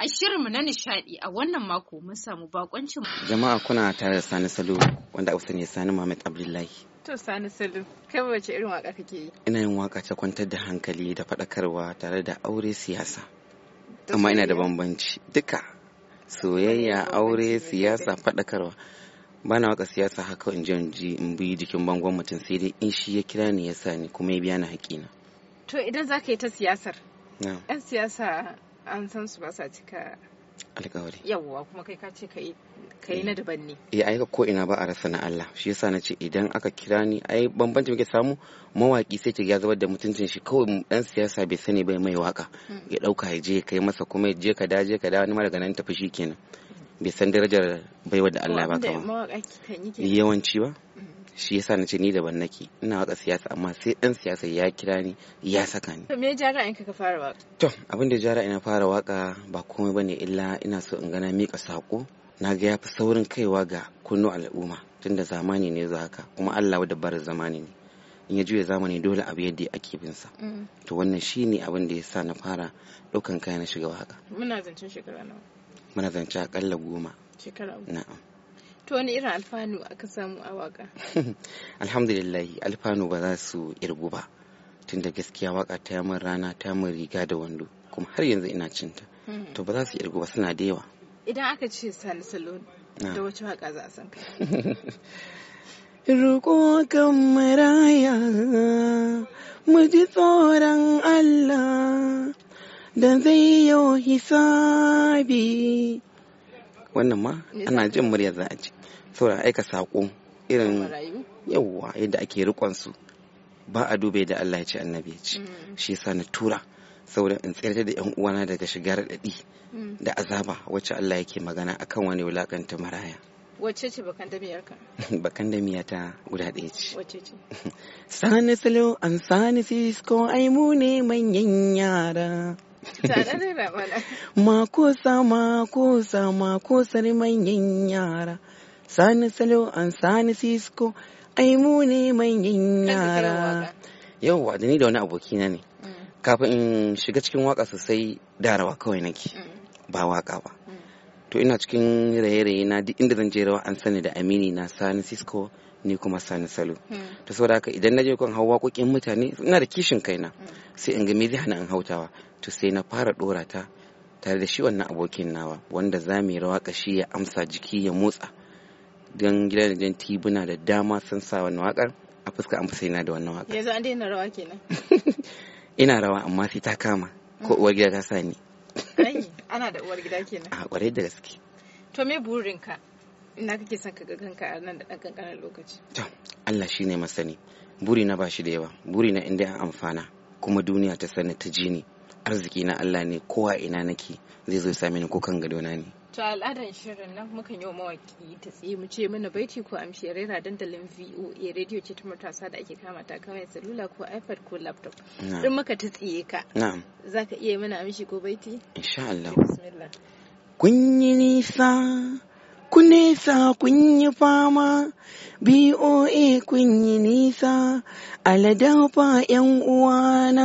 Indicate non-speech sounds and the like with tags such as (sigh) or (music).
A shirinmu na nishadi a wannan mako mun samu bakoncin Jama'a kuna tare da Sani Salo wanda Hausa ne Sani Muhammad Abdullahi. To Sani Salo, kai wace irin waka kake yi? Ina yin waka ta kwantar da hankali da fadakarwa tare da aure siyasa. Amma ina da bambanci duka soyayya aure siyasa fadakarwa. ba na waka siyasa haka in ji in bi jikin bangon mutum sai dai in shi ya kira ni ya sa ni kuma ya biya ni haƙina. To idan za ka yi ta siyasar, 'yan siyasa an san su ba sa cika alkawari yawwa kuma kai ka ce ka yi na eh. daban ne ya eh, aika ko ina ba a rasa na Allah shi yasa na ce idan aka kira ni ai bambanci muke samu mawaki sai ce ya zubar da mutuncin shi kawai dan siyasa bai sani bai mai waka mm. ya dauka ya je ya kai masa kuma ya je ka da je ka da wani ma daga nan tafi shikenan bai san darajar baiwa da Allah ba kawai yawanci ba mm. shi yasa na ce ni daban nake ina watsa siyasa amma sai dan siyasa ya kira ni ya saka ni me jara in ka fara waka to abin da in na fara waka ba komai bane illa ina so in gana mika sako na ga yafi saurin kaiwa ga kunnu al'umma tunda zamani ne zuwa haka kuma Allah da bar zamani ne in ya juya zamani dole abu yadda ake bin sa mm. to wannan shine abin da yasa na fara daukan kaya na shiga waka muna zancen shekara nawa muna zance akalla goma shekara na'am To wani irin alfanu aka samu a waka? (laughs) Alhamdulillah alfanu ba za su irgu ba. Tun da gaskiya waka ta yi min rana ta min riga da wando kuma har yanzu ina cinta. Hmm. To ba za su irgu ba suna da yawa. Idan aka ce sani salo da wace waka za a san ka? (laughs) Ruko kan maraya mu ji tsoron Allah da zai yau hisabi wannan ma ana jin muryar za a ji saboda aika saƙo irin yawwa yadda ake rikon su ba a dube da Allah ya ce annabi ya ce mm. shi yasa na tura saboda in tsirta da yan uwana daga shigar daɗi mm. da azaba wacce Allah yake magana akan wani wulakanta maraya wacce ce bakan damiyarka (laughs) bakan damiya ta guda ɗaya ce wacce ce (laughs) sani salo an sani sisko ai mu ne manyan yara Makosa makosa makosar manyan yara. Sani Salo an Sani Cisco ai mu manyan yara. Yau wa ni da wani abokina ne. Mm. Kafin in shiga cikin waka sosai da rawa kawai nake mm. ba waka ba. Mm. To ina cikin raye-raye na duk inda zan je rawa an sani da Amini na Sani Cisco ni kuma Sani Salo. To saboda haka idan na je kan hau waƙoƙin mutane ina da kishin kaina sai in ga me zai hana in hautawa. to sai na fara dora ta tare da shi wannan abokin nawa wanda za mu yi rawa kashi ya amsa jiki ya motsa don jan tibuna da dama sun sa wannan wakar a fuska an fusa na da wannan wakar yanzu an daina rawa kenan (laughs) ina rawa amma sai ta kama ko mm. uwar gida ta sa ni (laughs) ana da uwar gida kenan a kwarai da gaske to me burinka ina kake son ka ga kanka a nan da ɗan ƙanƙanar lokaci to Allah shine masani buri na bashi da yawa buri na inda an amfana kuma duniya ta sani ta ji ni arziki na Allah ne kowa ina nake zai zo same ni ko kan gado na ne to al'adan shirin nan muka yi wa mawaki ta tsaye mu ce mana baiti ko amshi rera dandalin VOA radio ce ta matasa da ake kama ta kawai salula ko iPad ko laptop din maka ta tsiye ka na'am zaka iya mana amshi ko baiti insha Allah kun yi nisa ku nesa kun yi fama BOA kun yi nisa aladafa yan uwana